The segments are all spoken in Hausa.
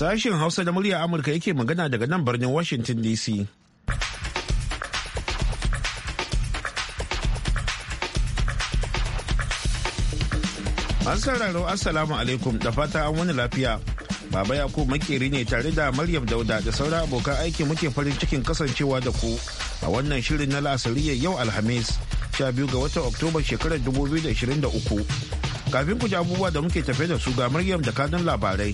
Sashen Hausa da murya Amurka yake magana daga nan birnin Washington DC. An sauraro Assalamu alaikum da fata an wani lafiya. Baba Yakubu makeri ne tare da Maryam Dauda da sauran abokan aiki muke farin cikin kasancewa da ku a wannan shirin na la'asariyar yau Alhamis sha biyu ga watan Oktoba shekarar 2023. Kafin ku ji abubuwa da muke tafe da su ga Maryam da kanun labarai.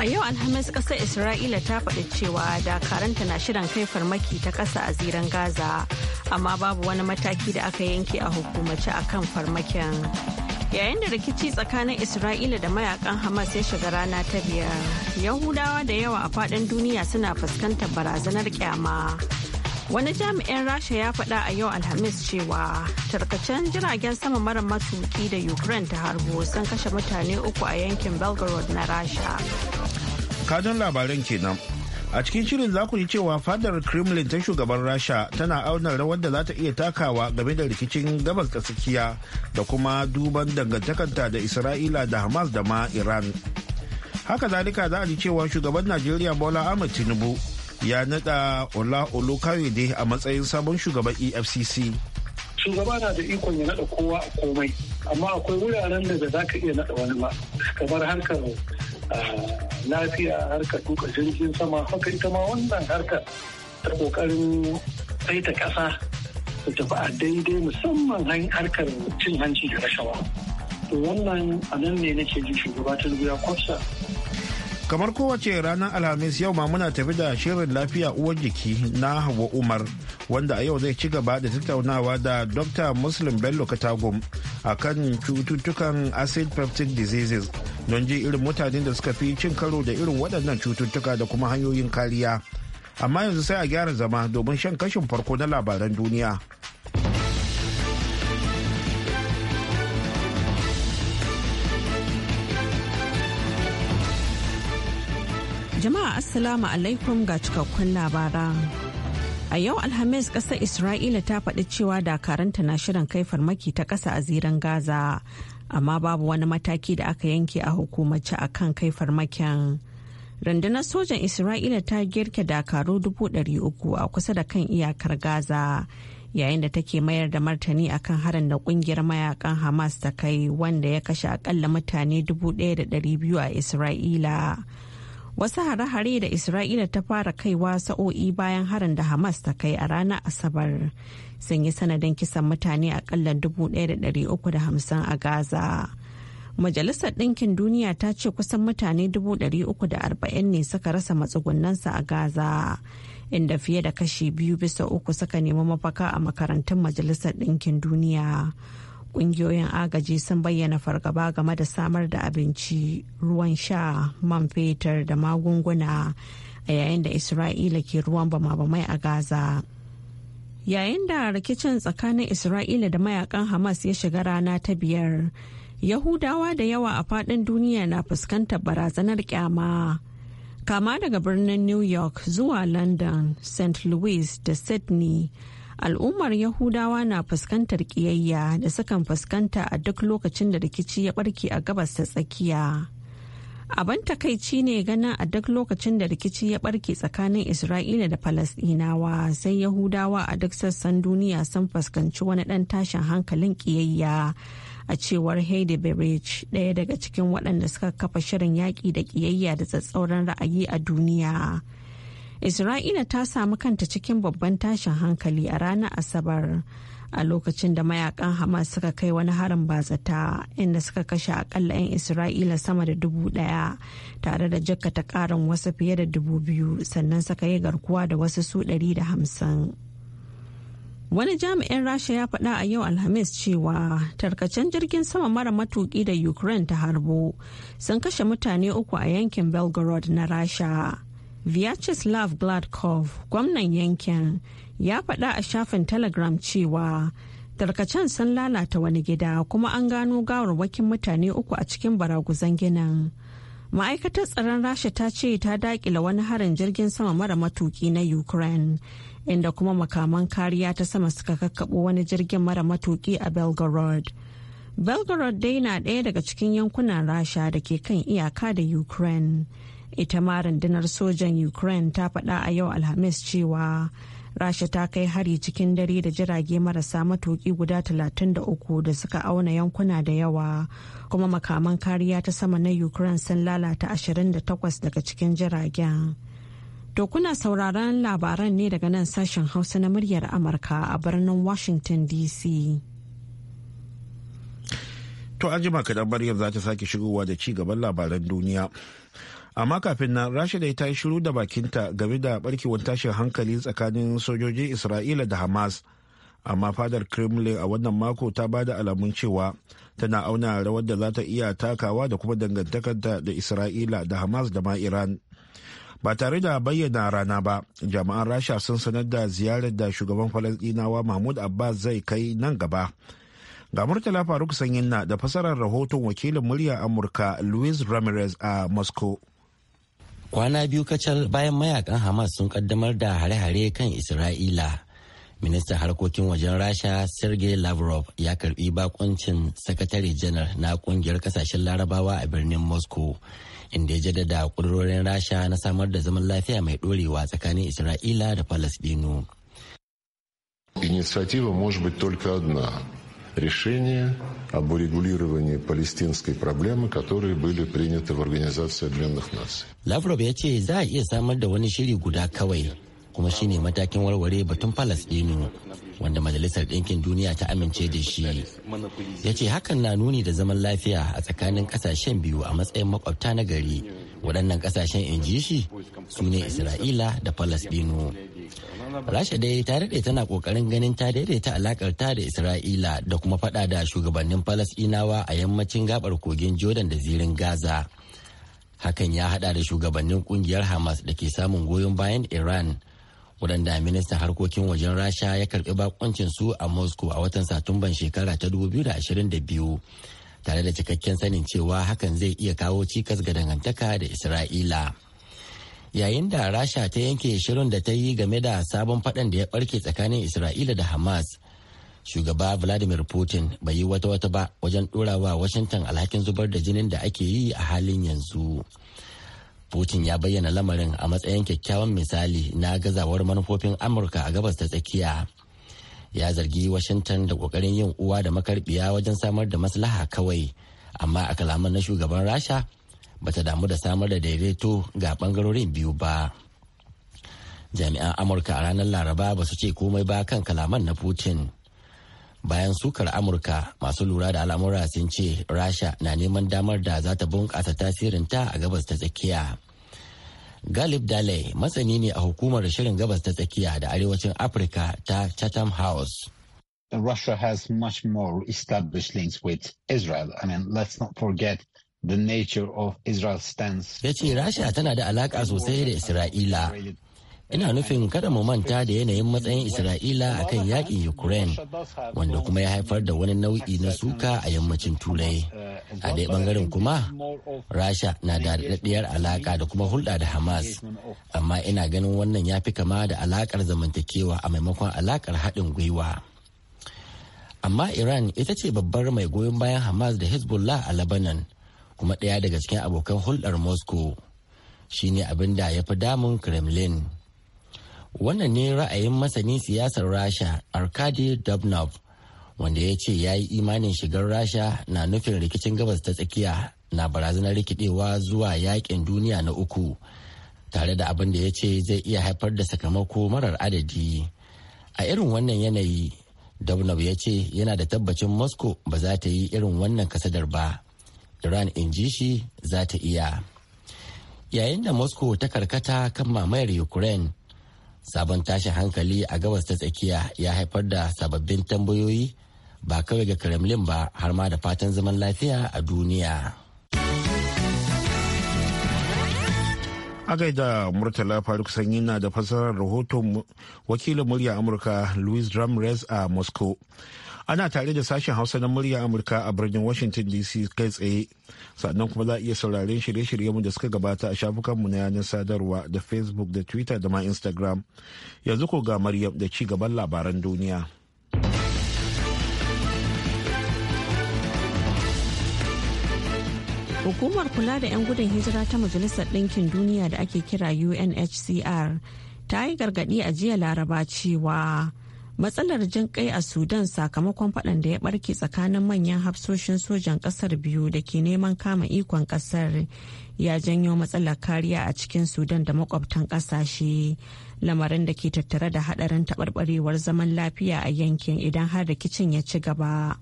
A yau Alhamis ƙasar Isra'ila ta faɗi cewa dakaranta na shirin kai farmaki ta ƙasa a ziran Gaza, amma babu wani mataki da aka yanke a hukumace a kan farmakin. Yayin da rikici tsakanin Isra'ila da mayakan Hamas ya shiga rana ta biyar, Yahudawa da yawa a faɗin duniya suna fuskantar barazanar kyama. Wani jami'in Rasha ya faɗa a yau Alhamis cewa tarkacen jiragen sama mara matuki da Ukraine ta harbo sun kashe mutane uku a yankin Belgorod na Rasha. kanun labaran kenan a cikin shirin za ku ji cewa fadar kremlin ta shugaban rasha tana auna rawar da za ta iya takawa game da rikicin gabas tsakiya da kuma duban dangantakanta da isra'ila da hamas da ma iran haka zalika za a ji cewa shugaban najeriya bola ahmed tinubu ya nada ola olukayode a matsayin sabon shugaban efcc shugaba na da ikon ya nada kowa a komai amma akwai wuraren da za ka iya nada wani ba kamar harkar Ah, lafiya harkar tuka jirgin sama haka ita ma wannan harkar ta kokarin saita kasa ta tafi a daidai musamman harkar cin hanci da rashawa to wannan a nan ne nake ji shugaba tinubu kwafsa kamar kowace ranar alhamis yau ma muna tafi da shirin lafiya uwar jiki na hawa umar wanda a yau zai ci gaba da tattaunawa da dr muslim bello katagum a kan cututtukan acid peptic diseases don ji irin mutanen da suka fi cin karo da irin waɗannan cututtuka da kuma hanyoyin kariya amma yanzu sai a gyara zama domin shan kashin farko na labaran duniya jama'a assalamu alaikum ga cikakkun labaran A yau Alhamis ƙasar Isra'ila ta faɗi cewa dakaranta na shirin kai farmaki ta ƙasa a ziren Gaza amma babu wani mataki da aka yanke a hukumace a kan kai farmakin rundunar sojan isra'ila ta girke dakaru uku a kusa da kan iyakar gaza yayin da take mayar da martani akan harin da kungiyar mayakan hamas ta kai wanda ya kashe akalla mutane 1,200 a isra'ila wasu hare-hare da isra'ila ta fara kaiwa sa'o'i bayan harin da hamas ta kai a ranar asabar sun yi sanadin kisan mutane akalla 1,350 a gaza majalisar ɗinkin duniya ta ce kusan mutane 340 ne suka rasa matsugunansu a gaza inda fiye da kashi biyu bisa uku suka nemi mafaka a makarantun majalisar ɗinkin duniya. kungiyoyin agaji sun bayyana fargaba game da samar da abinci ruwan sha man fetur da magunguna a yayin da isra'ila ke ruwan bama-bamai a gaza yayin da rikicin tsakanin isra'ila da mayakan hamas ya shiga rana ta biyar yahudawa da yawa a faɗin duniya na fuskantar barazanar kyama kama daga birnin new york zuwa london st louis da sydney al'ummar yahudawa na fuskantar ƙiyayya da sukan fuskanta a duk lokacin da rikici ya barke a gabas ta tsakiya abin takaici ne ganin a duk lokacin da rikici ya barke tsakanin isra'ila da falasdinawa sai yahudawa a duk sassan duniya sun fuskanci wani ɗan tashin hankalin ƙiyayya a cewar Heidi Beveridge ɗaya daga cikin waɗanda suka kafa shirin yaƙi da ƙiyayya da tsatsauran ra'ayi a duniya. Isra'ila ta samu kanta cikin babban tashin hankali a ranar Asabar a lokacin da mayakan Hamas suka kai wani harin bazata inda suka kashe akalla 'yan Isra'ila sama da dubu daya tare da jakkata karin wasu fiye da dubu biyu sannan suka yi garkuwa da wasu su ɗari da hamsin. Wani jami'in Rasha ya faɗa a yau Alhamis cewa tarkacen jirgin sama mara matuƙi da Ukraine ta harbo sun kashe mutane uku a yankin Belgorod na Rasha. Vyacheslav Gladkov, gwamnan yankin, ya faɗa a shafin Telegram cewa tarkacen sun lalata wani gida kuma an gano gawarwakin mutane uku a cikin baraguzan ginin. Ma'aikatar tsaron Rasha ta ce ta daƙila wani harin jirgin sama mara matuki na Ukraine, inda kuma makaman kariya ta sama suka kakkaɓo wani jirgin mara matuki a Belgorod. Belgorod dai na ɗaya daga cikin yankunan Rasha da ke kan iyaka da Ukraine. ita ma rundunar sojan ukraine ta faɗa a yau alhamis cewa rasha ta kai hari cikin dare da jirage marasa matuki guda 33 da suka auna yankuna da yawa kuma makaman kariya ta sama na ukraine sun lalata 28 daga cikin jiragen to kuna sauraron labaran ne daga nan sashen hausa na muryar amurka a birnin washington dc to ajima kadan maryam za ta sake shigowa da ci gaban labaran duniya amma kafin nan rasha dai ta yi shiru da bakinta game da barkewar tashin hankali tsakanin sojojin isra'ila da hamas amma fadar kremlin a wannan mako ta ba da alamun cewa tana auna rawar da za ta iya takawa da kuma dangantakarta da isra'ila da hamas da ma iran ba tare da bayyana rana ba jami'an rasha sun sanar da ziyarar da shugaban falasdinawa mahmud abbas zai kai nan gaba ga murtala faruk sanyin na da fasarar rahoton wakilin murya amurka Louis ramirez a moscow kwana biyu kacal bayan mayakan hamas sun kaddamar da hare-hare kan isra'ila ministan harkokin wajen rasha sergei lavrov ya karbi bakuncin sakatare janar na kungiyar kasashen larabawa a birnin moscow inda ya jaddada kudurorin rasha na samar da zaman lafiya mai dorewa tsakanin isra'ila da palestino Инициатива может быть только решения об урегулировании палестинской проблемы, которые были приняты в Организации Объединенных Наций. Лавров ya ce za a iya samar da wani shiri guda kawai kuma shine matakin warware batun Falasɗinu wanda Majalisar Ɗinkin Duniya ta amince da shi. Ya ce hakan na nuni da zaman lafiya a tsakanin ƙasashen biyu a matsayin makwabta na gari. Waɗannan ƙasashen in ji shi su ne Isra'ila da Falasɗinu. rasha dai ta daɗe tana ƙoƙarin ganin ta daidaita alakar ta da isra'ila da kuma faɗa da shugabannin falasɗinawa a yammacin gabar kogin jordan da zirin gaza hakan ya haɗa da shugabannin ƙungiyar hamas da ke samun goyon bayan iran waɗanda ministan harkokin wajen rasha ya karɓi bakoncin su a moscow a watan satumban shekara ta 2022 tare da cikakken sanin cewa hakan zai iya kawo cikas ga dangantaka da isra'ila. yayin da rasha ta yanke shirin da ta yi game da sabon faɗan da ya ɓarke tsakanin isra'ila da hamas shugaba vladimir putin bai yi wata wata ba wajen ɗorawa washington alhakin zubar da jinin da ake yi a halin yanzu putin ya bayyana lamarin a matsayin kyakkyawan misali na gazawar manufofin amurka a gabas ta tsakiya ya zargi washington da kokarin yin uwa da makarbiya wajen samar da maslaha kawai amma a kalaman na shugaban rasha bata damu da samar da daidaito ga bangarorin biyu ba jami'an amurka a ranar laraba ba su ce komai ba kan kalaman na putin bayan sukar amurka masu lura da al'amura sun ce rasha na neman damar da za ta bunƙasa tasirinta a gabas ta tsakiya galib dale masani ne a hukumar shirin gabas ta tsakiya da arewacin afirka ta chatham house Russia has much more established links with Israel. I mean, let's not forget the nature of Israel's stance. Ya ce Rasha tana da alaka sosai da Isra'ila. Ina nufin kada mu manta da yanayin matsayin Isra'ila a kan yakin Ukraine wanda kuma ya haifar da wani nau'i na suka a yammacin Turai. A dai bangaren kuma, Rasha na da daɗaɗɗiyar alaka da kuma hulɗa da Hamas. Amma ina ganin wannan ya fi kama da alaƙar zamantakewa a maimakon alaƙar haɗin gwiwa. Amma Iran ita ce babbar mai goyon bayan Hamas da Hezbollah a Lebanon. kuma ɗaya daga cikin abokan hulɗar moscow shine abin da ya fi damun kremlin wannan ne ra'ayin masanin siyasar rasha arkady dubnov wanda ya ce ya yi imanin shigar rasha na nufin rikicin gabas ta tsakiya na barazanar rikidewa zuwa yakin duniya na uku tare da abin da ya ce zai iya haifar da sakamako marar adadi a irin wannan yanayi dubnov ya ce yana da tabbacin moscow ba za ta yi irin wannan kasadar ba iran in ji shi za ta iya yayin da moscow ta karkata kan mamayar ukraine sabon tashin hankali a gabas ta tsakiya ya haifar da sababbin tambayoyi ba kawai ga kremlin ba har ma da fatan zaman lafiya a duniya. agaida murtala faruk sanyi na da fasarar rahoton wakilin murya amurka louis ramirez a moscow ana tare da sashen hausa na murya amurka a birnin washington dc kai tsaye sannan kuma za a iya sauraren shirye-shiryen da suka gabata a shafukanmu na yanar sadarwa da facebook da twitter da ma instagram yanzu ko ga maryam da ci gaban labaran duniya Hukumar kula da 'yan gudun hijira ta Majalisar Ɗinkin Duniya da ake kira UNHCR ta yi gargaɗi a jiya Laraba cewa matsalar jin kai a Sudan sakamakon faɗan da ya ɓarke tsakanin manyan hafsoshin sojan ƙasar biyu da ke neman kama ikon ƙasar ya janyo matsalar kariya a cikin Sudan da makwabtan ƙasashe. Lamarin da ke tattare da haɗarin taɓarɓarewar zaman lafiya a yankin idan har rikicin ya ci gaba.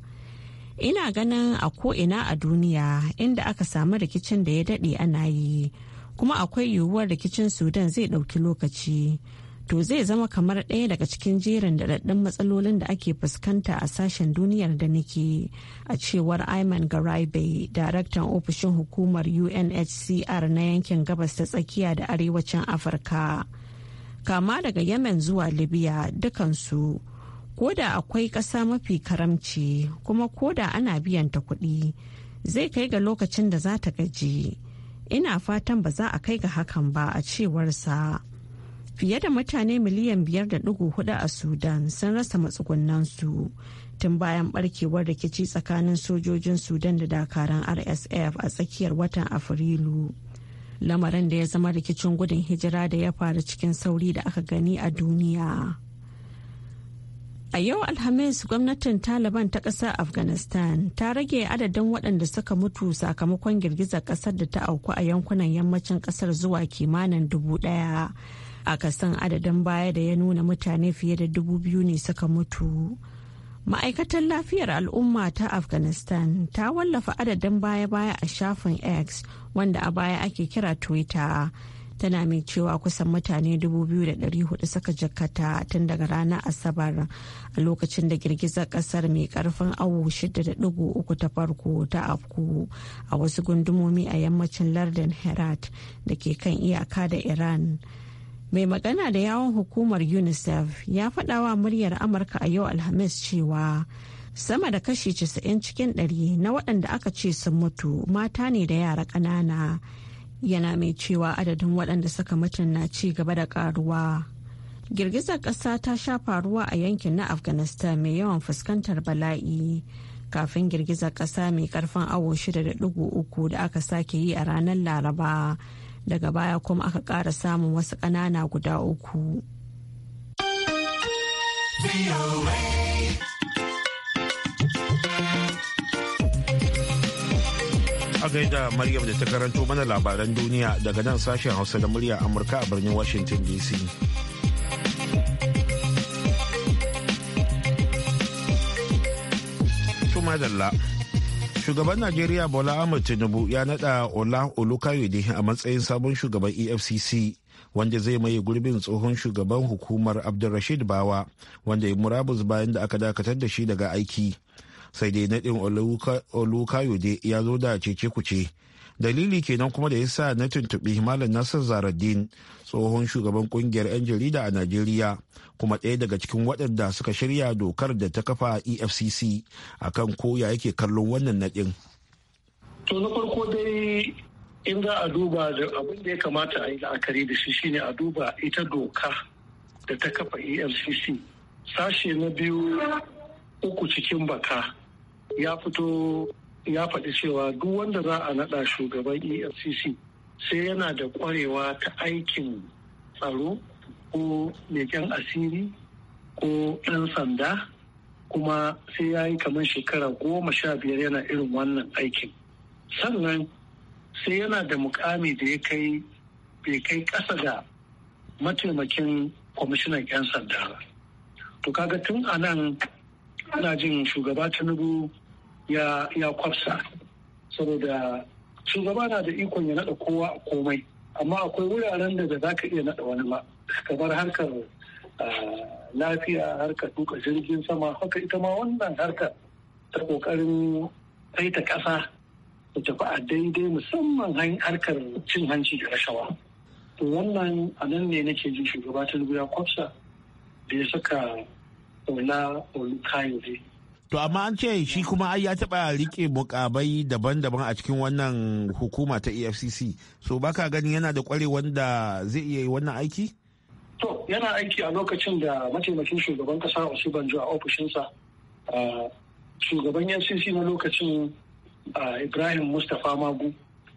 ina ganin a ko ina a duniya inda aka samu rikicin da ya daɗe ana yi kuma akwai yiwuwar rikicin sudan zai ɗauki lokaci to zai zama kamar ɗaya daga cikin jerin daɗaɗɗun matsalolin da ake fuskanta a sashen duniyar da nake a cewar ayman garibe daraktan ofishin hukumar unhcr na yankin gabas ta tsakiya da arewacin afirka kama daga yemen zuwa libya dukansu koda akwai ƙasa mafi karamci kuma koda ana biyan ta kuɗi zai kai ga lokacin da za ta gaji ina fatan ba za a kai ga hakan ba a cewarsa fiye da mutane miliyan biyar da ɗigo hudu a sudan sun rasa matsugunansu tun bayan barkewar rikici tsakanin sojojin sudan da dakaran rsf a tsakiyar watan afrilu lamarin da ya zama rikicin gudun hijira da ya faru cikin sauri da aka gani a duniya. A yau Alhamis gwamnatin Taliban ta ƙasar Afghanistan ta rage adadin waɗanda suka mutu sakamakon girgizar ƙasar da ta auku a yankunan yammacin ƙasar zuwa kimanin dubu ɗaya. Akasin adadin baya da ya nuna mutane fiye da dubu biyu ne suka mutu. Ma'aikatar lafiyar al'umma ta Afghanistan ta wallafa adadin baya-baya a shafin X wanda a baya ake kira Twitter. tana mai cewa kusan mutane 2,400 suka jakata tun daga ranar asabar a lokacin da girgizar kasar mai karfin awo 6.3 ta farko ta afku a wasu gundumomi a yammacin lardin herat da ke kan iyaka da iran mai magana da yawon hukumar unicef ya faɗawa muryar amurka a yau alhamis cewa sama da kashi 90 cikin 100 na waɗanda aka ce sun mutu mata ne da yara ƙanana. yana mai cewa adadin waɗanda suka mutum na ci gaba da karuwa. Girgizar ƙasa ta sha faruwa a yankin na Afghanistan mai yawan fuskantar bala'i kafin girgizar ƙasa mai ƙarfin awo 6.3 da aka sake yi a ranar Laraba daga baya kuma aka ƙara samun wasu ƙanana guda uku. a yadda Maryam da ta karanto mana labaran duniya daga nan sashen Hausa da murya Amurka a birnin Washington DC. Tumadalla. Shugaban Najeriya Bola Ahmed Tinubu ya nada Ola Olukayode a matsayin sabon shugaban EFCC wanda zai maye gurbin tsohon shugaban hukumar Abdulrashid Bawa wanda ya murabus bayan da aka dakatar da shi daga aiki. sai dai naɗin olukayode ya zo da cece kuce dalili kenan kuma da ya sa na tuntuɓi malam nasir zaraddin tsohon shugaban kungiyar 'yan jarida a najeriya kuma ɗaya daga cikin waɗanda suka shirya dokar da ta kafa efcc akan koya yake kallon wannan nadin. to na farko dai in za a duba da abin da ya kamata a yi la'akari da shi shine a duba ita doka da ta kafa efcc sashe na biyu uku cikin baka ya fito ya faɗi cewa duk wanda za a naɗa shugaban efcc sai yana da ƙwarewa ta aikin tsaro ko leƙen asiri ko ɗan sanda kuma sai ya yi kamar shekara goma sha biyar yana irin wannan aikin sannan sai yana da mukami da ya kai bai kai ƙasa da mataimakin kwamishinan 'yan sanda ba to kaga tun a nan ana jin shugaba tinubu ya ya kwafsa saboda shugaba na da ikon ya naɗa kowa a komai amma akwai wuraren da za ka iya naɗa wani ba kamar harkar ah, lafiya harkar duka jirgin sama haka ita ma wannan harkar ta ƙoƙarin ta ƙasa da tafi a daidai musamman harkar cin hanci da rashawa wannan a nan ne nake jin shugaba tinubu ya kwafsa da ya saka Ola zai. To amma an ce shi kuma ai ya taɓa rike mukabai daban-daban a cikin wannan hukuma ta EFCC. So baka gani yana da kware wanda zai iya yi wannan aiki? To yana aiki a lokacin da mataimakin shugaban kasa banjo a ofishinsa. Ah, shugaban e FCC na lokacin ah, Ibrahim Mustapha Magu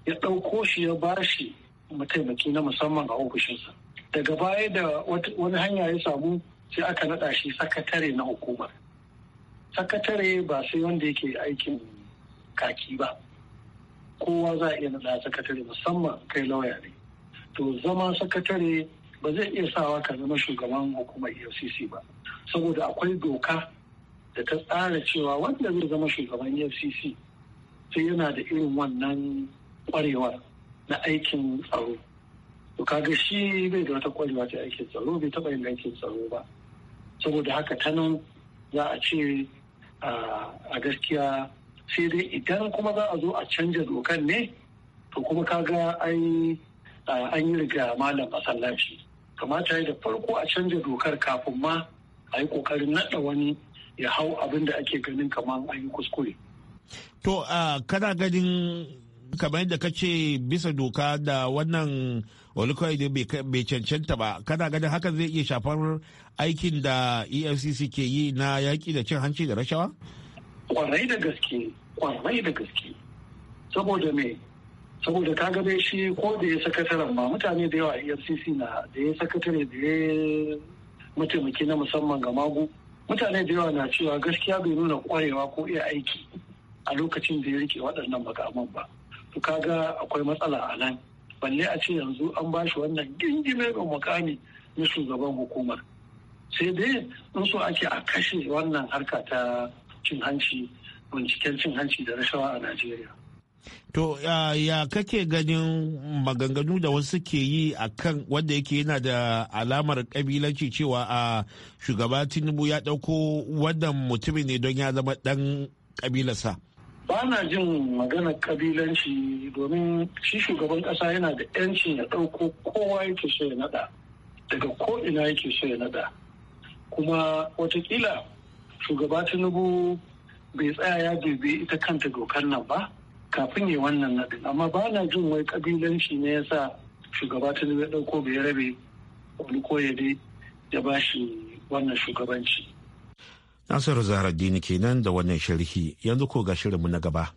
ya ɗauko shi ya shi mataimaki na musamman a ofishinsa. Daga baya da wani hanya ya samu sai aka naɗa shi sakatare na hukumar sakatare ba sai wanda yake aikin kaki ba kowa za a iya naɗa sakatare musamman kai lauya ne to zama sakatare ba zai iya sawa ka zama shugaban hukumar efcc ba saboda akwai doka da ta tsara cewa wanda zai zama shugaban efcc sai yana da irin wannan kwarewar na aikin tsaro to kaga shi bai da wata kwarewa ta aikin tsaro bai taba yin aikin tsaro ba saboda haka ta nan za a ce a gaskiya sai dai idan kuma za a zo a canja dokan ne to kuma kaga ai an yi riga malam masallaci kamata ya da farko a canja dokar kafin ma a yi kokarin naɗa wani ya hau abin da ake ganin kamar an yi kuskure. To kana ganin kamar yadda ka ce bisa doka da wannan wani kawai ne bai cancanta ba kana ganin hakan zai iya shafar aikin da efcc ke yi na yaƙi da cin hanci da rashawa kwarai da gaske kwarai da gaske saboda me saboda ka gabe shi ko da ya sakataren ma mutane da yawa efcc na da ya sakatare da ya mataimaki na musamman ga magu mutane da yawa na cewa gaskiya bai nuna kwarewa ko iya aiki a lokacin da ya rike waɗannan makaman ba to kaga akwai matsala a nan balle a ce yanzu an ba shi wannan gingime ga mukami na shugaban hukumar sai dai in so ake a kashe wannan harka ta cin hanci binciken cin hanci da rashawa a najeriya To ya kake ganin maganganu da wasu ke yi a kan wanda yake yana da alamar kabilanci cewa a shugaba Tinubu ya ɗauko wannan mutumin ne don ya zama ɗan kabilarsa? ba na jin maganar kabilanci domin shi shugaban kasa yana da 'yancin ya ɗauko kowa yake so ya nada daga ko'ina yake so ya nada kuma watakila shugaba tinubu bai tsaya ya bebe ita kanta dokar nan ba kafin ya wannan nadin amma ba na jin wai kabilanci ne yasa shugaba tinubu ya ɗauko bai rabe wani ko ya bashi wannan shugabanci Nasiru dini kenan da wannan sharhi yanzu ko ga shirinmu na gaba.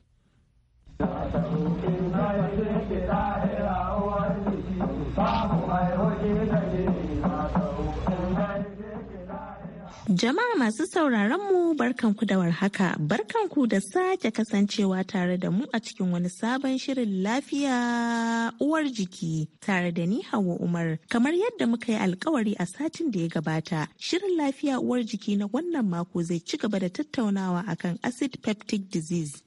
Jama'a masu sauraron mu barkanku da warhaka, barkanku da sake kasancewa tare da mu a cikin wani sabon shirin lafiya uwar jiki tare da ni Hauwa Umar. Kamar yadda muka yi alkawari a satin da ya gabata, shirin lafiya uwar jiki na wannan mako zai ci gaba da tattaunawa akan acid peptic disease.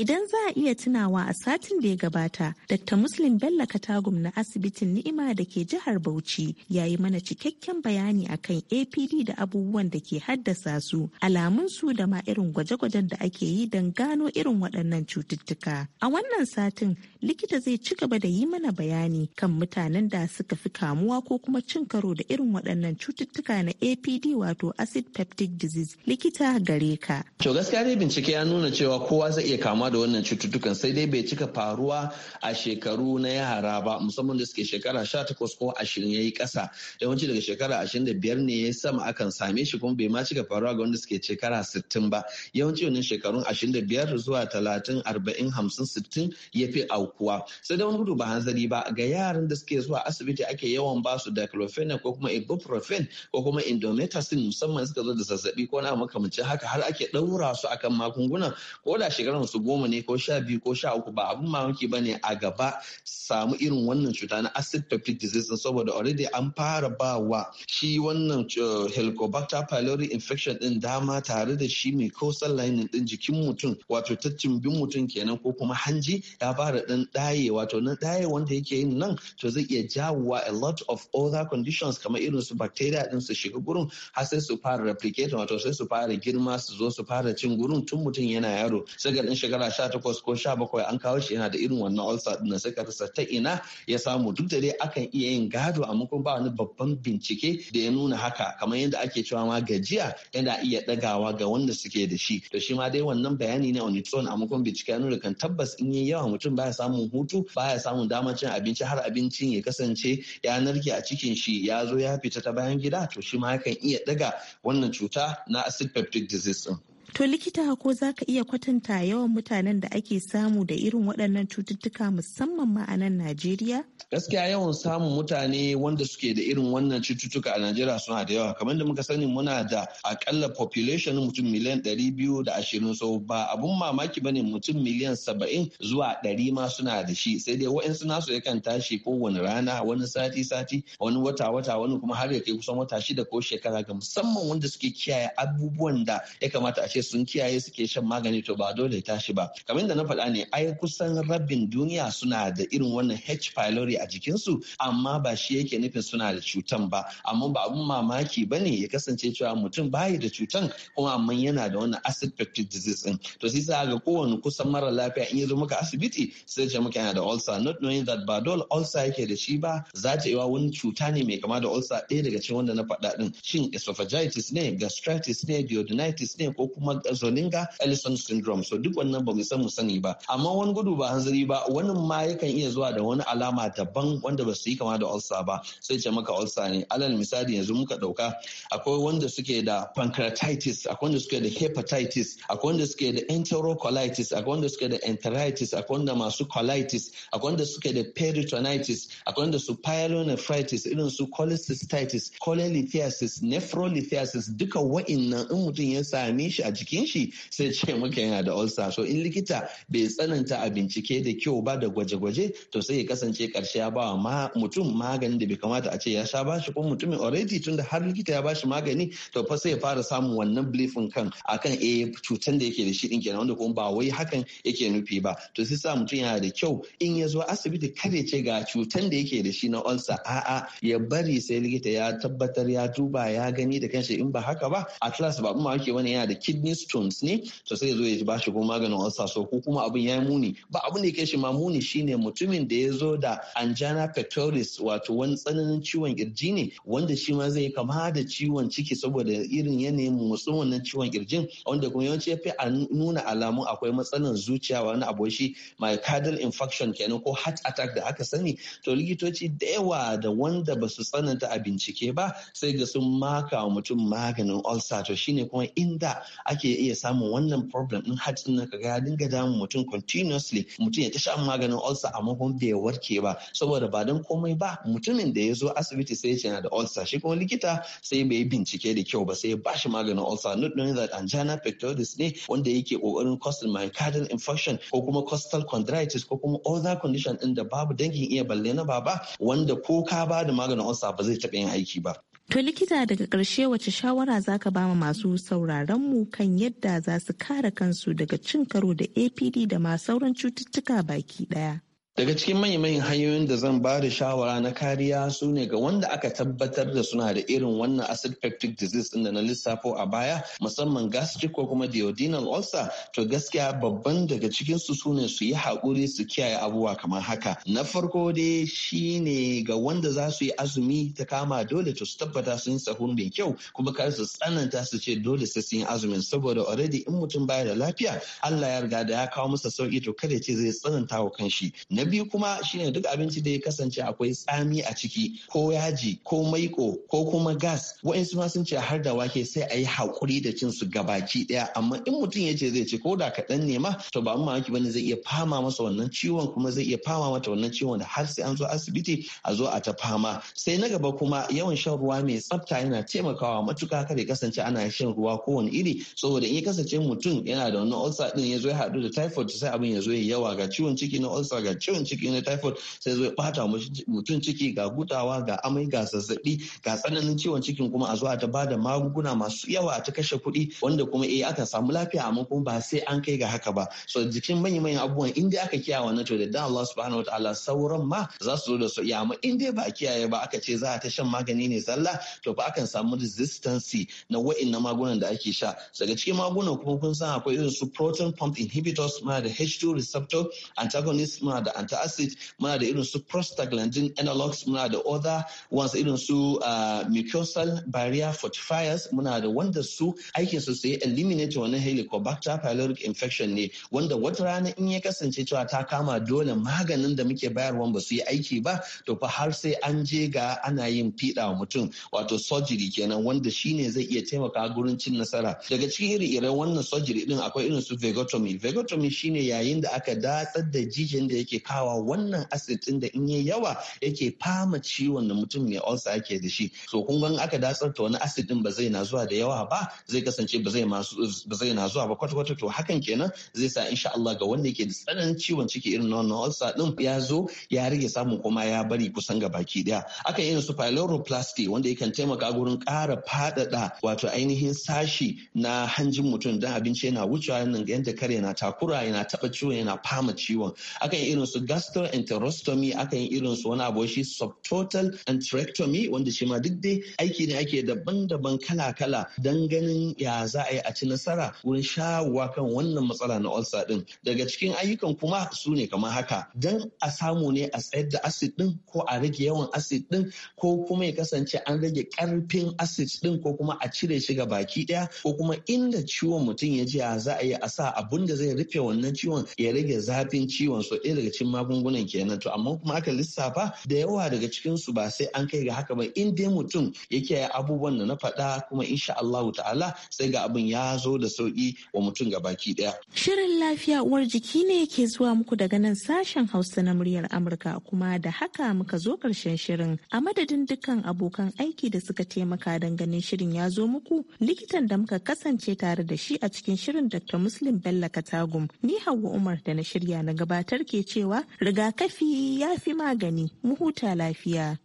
Idan za a iya tunawa a satin da ya gabata, Dr. Muslim Bello Katagum na asibitin Ni'ima da ke jihar Bauchi ya yi mana cikakken bayani akan APD da abubuwan da ke haddasa su, alamun su da ma irin gwaje-gwajen da ake yi don gano irin waɗannan cututtuka. A wannan satin, likita zai ci gaba da yi mana bayani kan mutanen da suka fi kamuwa ko kuma cin karo da irin waɗannan cututtuka na APD wato acid peptic disease. Likita gare ka. To gaskiya dai bincike ya nuna cewa kowa zai iya kamuwa da wannan cututtukan sai dai bai cika faruwa a shekaru na yara ba musamman da suke shekara takwas ko ashirin yayi kasa yawanci daga shekara biyar ne ya sama akan same shi kuma bai ma cika faruwa ga wanda suke shekara sittin ba yawanci wannan shekarun biyar zuwa talatin arba'in hamsin sittin ya fi aukuwa sai dai wani gudu ba hanzari ba ga yaran da suke zuwa asibiti ake yawan ba su diclofenac ko kuma ibuprofen ko kuma indomethacin musamman suka zo da zazzabi ko na makamancin haka har ake ɗaura su akan magunguna ko da shekarun su goma ne ko sha biyu ko sha uku ba abin mamaki ba ne a gaba samu irin wannan cuta na acid peptic disease saboda already an fara ba wa shi wannan eh, helicobacter pylori infection din dama tare da shi mai coastal lining din jikin mutum wato cimbin mutum kenan ko kuma hanji ya fara dan daye wato na daye wanda yake yin nan to zai iya jawowa a lot of other conditions kamar irin su bacteria din su shiga gurin har sai su fara replicate wato sai su fara girma su zo su fara cin gurin tun mutum yana yaro sai ga dan shekara shekara sha takwas ko sha bakwai an kawo shi yana da irin wannan ulcer din sai ka rasa ta ina ya samu duk da dai akan iya yin gado amma kuma ba wani babban bincike da ya nuna haka kamar yadda ake cewa ma gajiya yana iya ɗagawa ga wanda suke da shi to shi ma dai wannan bayani ne on its own amma kuma bincike ya nuna kan tabbas in yi yawa mutum baya samun hutu baya samun damar cin abinci har abincin ya kasance ya narke a cikin shi ya zo ya fita ta bayan gida to shi ma yakan iya ɗaga wannan cuta na acid peptic disease To likita ko za ka iya kwatanta yawan mutanen da ake samu da irin waɗannan cututtuka musamman ma a nan Najeriya? Gaskiya yawan samun mutane wanda suke da irin wannan cututtuka a Najeriya suna da yawa. Kamar da muka sani muna da akalla population mutum miliyan ɗari biyu da ashirin so ba abun mamaki bane mutum miliyan saba'in zuwa ɗari ma suna da shi sai dai wa'insu nasu yakan tashi kowane rana wani sati sati wani wata wata wani kuma har ya kai kusan wata shida ko shekara ga musamman wanda suke kiyaye abubuwan da ya kamata a ce ce sun kiyaye suke shan magani to ba dole tashi ba kamar da na faɗa ne ai kusan rabin duniya suna da irin wannan H pylori a jikinsu amma ba shi yake nufin suna da cutan ba amma ba abun mamaki ba ne ya kasance cewa mutum bayi da cutan kuma amma yana da wannan acid peptic disease din to sai sa ga kowane kusan mara lafiya in ya zo maka asibiti sai ce maka yana da ulcer not knowing that ba dole ulcer yake da shi ba za ta iya wani cuta ne mai kama da ulcer ɗaya daga cikin wanda na faɗa din shin esophagitis ne gastritis ne duodenitis ne ko kuma kuma zoninga ellison syndrome so duk wannan ba mu san mu sani ba amma wani gudu ba hanzari ba wani ma yakan iya zuwa da wani alama daban wanda ba su yi kama da ulcer ba sai ce maka ulcer ne alal misali yanzu muka dauka akwai wanda suke da pancreatitis akwai wanda suke da hepatitis akwai wanda suke da enterocolitis akwai wanda suke da enteritis akwai wanda masu colitis akwai wanda suke da peritonitis akwai wanda su pyelonephritis irin su cholecystitis cholelithiasis nephrolithiasis duka wa'innan in mutum ya same shi a cikin shi sai ce muka yana da ulcer so in likita bai tsananta a bincike da kyau ba da gwaje-gwaje to sai ya kasance karshe ya ba mutum maganin da bai kamata a ce ya sha ba shi ko mutumin already da har likita ya ba shi magani to fa sai ya fara samun wannan beliefin kan akan eh cutan da yake da shi din kenan wanda kuma ba wai hakan yake nufi ba to sai sa mutum yana da kyau in ya zo asibiti kare ce ga cutan da yake da shi na ulcer a'a ya bari sai likita ya tabbatar ya duba ya gani da kanshi in ba haka ba atlas ba mu ake wani yana da kid. kidney stones ne to sai zo ya ba shi ko maganin ulcer so ko kuma abin ya muni ba abin da ya shi ma muni shine mutumin da ya zo da angina pectoris wato wani tsananin ciwon kirji ne wanda shi ma zai kama da ciwon ciki saboda irin yanayin motsin wannan ciwon kirjin wanda kuma yawanci ya fi nuna alamun akwai matsalan zuciya wani abu shi myocardial infarction kenan ko heart attack da aka sani to likitoci da yawa da wanda ba su tsananta a bincike ba sai ga sun maka wa mutum maganin ulcer to shine kuma inda ake iya samun wannan problem din har tun ka ga dinga damun mutum continuously mutum ya ta sha maganin ulcer amma kuma bai warke ba saboda ba dan komai ba mutumin da ya zo asibiti sai yana da ulcer shi kuma likita sai bai bincike da kyau ba sai ya shi maganin ulcer not knowing that angina pectoris ne wanda yake kokarin causing myocardial infarction ko kuma costal chondritis ko kuma other condition din da babu dangin iya balle na ba wanda ko ka ba da maganin ulcer ba zai taɓa yin aiki ba To likita daga ƙarshe wace shawara za ka ba masu sauraron mu kan yadda za su kare kansu daga cin karo da APD da ma sauran cututtuka baki ɗaya? daga cikin manyan hanyoyin da zan ba da shawara na kariya su ne ga wanda aka tabbatar da suna da irin wannan acid peptic disease din da na lissafo a baya musamman gastric ko kuma duodenal ulcer to gaskiya babban daga cikin su su ne su yi haƙuri su kiyaye abubuwa kamar haka na farko dai shine ga wanda za su yi azumi ta kama dole to su tabbata sun sahun mai kyau kuma kar su tsananta su ce dole su yi azumin saboda already in mutum baya da lafiya Allah ya riga da ya kawo masa sauki to kada ce zai tsananta wa kanshi na biyu kuma shine duk abinci da ya kasance akwai tsami a ciki ko yaji ko maiko ko kuma gas wa'insu ma sun ce har da wake sai a yi haƙuri da cin su gabaki ɗaya amma in mutum ya ce zai ce ko da kaɗan ne ma to ba mu mamaki bane zai iya fama masa wannan ciwon kuma zai iya fama mata wannan ciwon da har sai an zo asibiti a zo a ta fama sai na gaba kuma yawan shan ruwa mai tsafta yana taimakawa matuka kar ya kasance ana shan ruwa kowane iri saboda in ya kasance mutum yana da wannan ulcer din ya zo ya haɗu da typhoid sai abin ya zo ya yawa ga ciwon ciki na ulcer ga ciwon ciwon ciki na typhoid sai zo ya bata mutum ciki ga gudawa ga amai ga zazzabi ga tsananin ciwon cikin kuma a zuwa ta bada magunguna masu yawa a ta kashe kuɗi wanda kuma eh aka samu lafiya amma kuma ba sai an kai ga haka ba so jikin manyan manyan abubuwan inda aka kiyaye wannan to da dan Allah subhanahu wataala sauran ma za su zo da su amma in dai ba a kiyaye ba aka ce za a ta shan magani ne zalla to fa akan samu resistance na wa'annan magunan da ake sha daga cikin magunan kuma kun san akwai irin su proton pump inhibitors ma da H2 receptor antagonist ma da antacid muna da irin su prostaglandin analogs muna da other ones irin su uh, mucosal barrier fortifiers muna da wanda su aikin su sai eliminate wannan helicobacter pyloric infection ne wanda wata rana in ya kasance cewa ta kama dole maganin da muke bayarwa ba su yi aiki ba to fa har sai an je ga ana yin fiɗa wa mutum wato surgery kenan wanda shine zai iya taimaka gurin cin nasara daga cikin iri-iren wannan surgery din akwai irin su vagotomy vagotomy shine yayin da aka datsar da jijin da yake taimakawa wannan acid din da in yi yawa yake fama ciwon da mutum mai ulcer yake da shi so kun ga aka datsar ta wani acid din ba zai na zuwa da yawa ba zai kasance ba zai ba zai na zuwa ba kwata kwata to hakan kenan zai sa insha Allah ga wanda yake da tsananin ciwon ciki irin wannan ulcer din ya zo ya rage samun kuma ya bari kusan ga baki daya akan yi su pyloroplasty wanda yakan taimaka gurin ƙara faɗaɗa wato ainihin sashi na hanjin mutum dan abinci yana wucewa yana yanda kare na takura yana taɓa ciwon yana fama ciwon akan irin su gastroenterostomy akan yi irin su wani abu shi subtotal enterectomy wanda shi ma duk dai aiki ne ake daban-daban kala-kala don ganin ya za a yi a ci nasara wurin shawuwa kan wannan matsala na ulcer din daga cikin ayyukan kuma su ne kamar haka don a samu ne a tsayar da acid din ko a rage yawan acid din ko kuma ya kasance an rage karfin acid din ko kuma a cire shi ga baki daya ko kuma inda ciwon mutum ya ji ya za a yi a sa abun da zai rufe wannan ciwon ya rage zafin ciwon so ɗaya daga cikin magungunan kenan to amma kuma aka lissafa da yawa daga cikin su ba sai an kai ga haka ba in dai mutum yake abubuwan da na faɗa kuma insha Allah ta'ala sai ga abin ya zo da sauki wa mutum baki daya shirin lafiya uwar jiki ne yake zuwa muku daga nan sashen Hausa na muryar Amurka kuma da haka muka zo karshen shirin a madadin dukkan abokan aiki da suka taimaka don ganin shirin ya zo muku likitan da muka kasance tare da shi a cikin shirin Dr. Muslim Bello Katagum ni Hauwa Umar da na shirya na gabatar ke cewa rigakafi ya fi magani mu huta lafiya.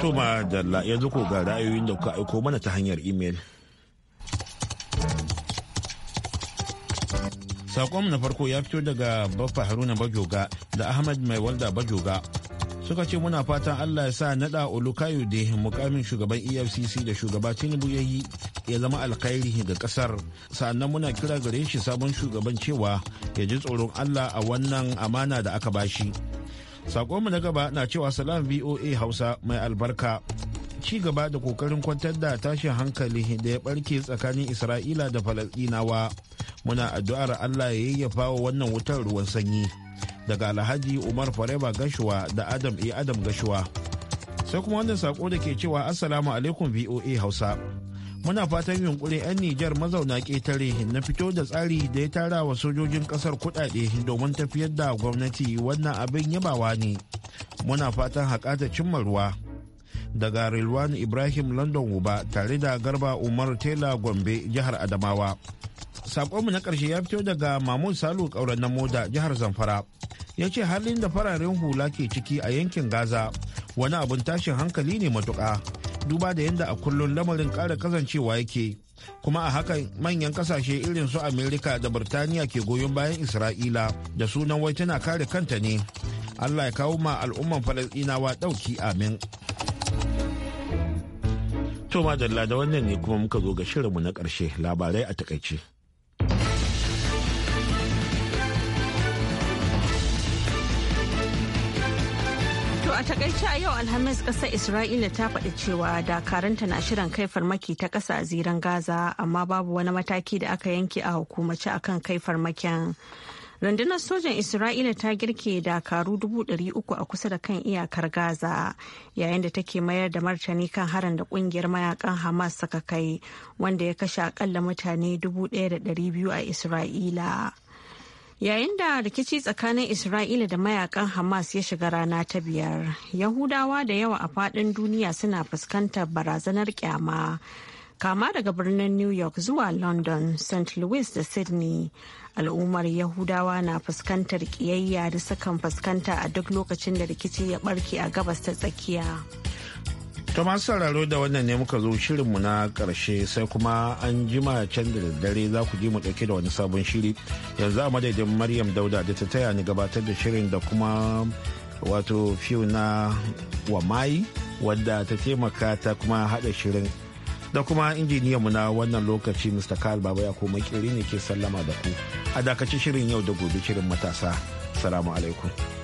Toma Dalla yanzu ko ga ra'ayoyin da kuka aiko mana ta hanyar imel. Sakon na farko ya fito daga Baffa Haruna Bajoga da Ahmad Mai Walda Bajoga suka ce muna fatan allah ya sa nada da mukamin shugaban efcc da shugaba tinubu ya yi ya zama alkhairi ga kasar sannan muna kira gare shi sabon shugaban cewa ya ji tsoron allah a wannan amana da aka bashi mu na gaba na cewa salam voa hausa mai albarka ci gaba da kokarin kwantar da tashin hankali da ya barke tsakanin isra'ila da falasɗinawa muna addu'ar allah ya yayyafa wa wannan wutar ruwan sanyi daga alhaji umar fareba gashuwa da adam e adam gashuwa sai kuma wannan sako da ke cewa assalamu alaikum voa hausa muna fatan yunkuri 'yan nijar mazauna ƙetare na fito da tsari da ya tara wa sojojin ƙasar kuɗaɗe domin tafiyar da gwamnati wannan abin yabawa ne muna fatan haƙata cimma ruwa daga rilwan ibrahim london uba tare da garba umar tela gombe jihar adamawa sakonmu na ƙarshe ya fito daga mamun salu ƙauren na moda jihar zamfara ya ce halin da fararen hula ke ciki a yankin gaza wani abun tashin hankali ne matuka duba da yadda a kullum lamarin ƙara kasancewa yake kuma a hakan manyan kasashe irin su amerika da birtaniya ke goyon bayan isra'ila da sunan wai tana kare kanta ne allah ya kawo ma al'umman falasɗinawa ɗauki amin to madalla da wannan ne kuma muka zo ga shirinmu na karshe labarai a takaice To a takaice a yau Alhamis kasar Isra'ila ta faɗi cewa dakaranta na shirin kai farmaki ta ƙasa a ziran Gaza amma babu wani mataki da aka yanke a hukumace akan kai farmakin. rundunar sojan isra'ila ta girke dakaru uku a kusa da kan iyakar gaza yayin da take mayar da martani kan harin da kungiyar mayakan hamas suka kai wanda ya kashe akalla mutane 1200 a isra'ila Yayin da rikici tsakanin Isra'ila da mayakan Hamas ya shiga rana ta biyar, Yahudawa da yawa a faɗin duniya suna fuskantar barazanar kyama. Kama daga birnin New York zuwa London, St. Louis da Sydney, al'ummar Yahudawa na fuskantar ƙiyayya da sukan fuskanta a duk lokacin da rikici ya barke a gabas ta tsakiya. To masu sauraro da wannan ne muka zo shirinmu na karshe sai kuma an jima can da daddare za ku ji mu ɗauke da wani sabon shiri yanzu a madadin Maryam Dauda da ta taya ni gabatar da shirin da kuma wato fiyo na Wamai wadda ta taimaka ta kuma haɗa shirin da kuma injiniyanmu na wannan lokaci mr karl baba ya koma kiri ne ke sallama da ku a dakacin shirin yau da gobe shirin matasa salamu alaikum